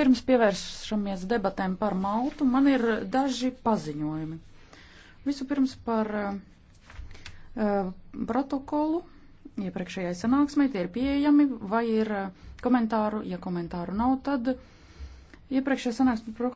Pirms pievēršamies debatēm par Maltu, man ir daži paziņojumi. Vispirms par uh, protokolu iepriekšējai sanāksmei, tie ir pieejami, vai ir eh, komentāru, ja komentāru nav, tad iepriekšējā sanāksme.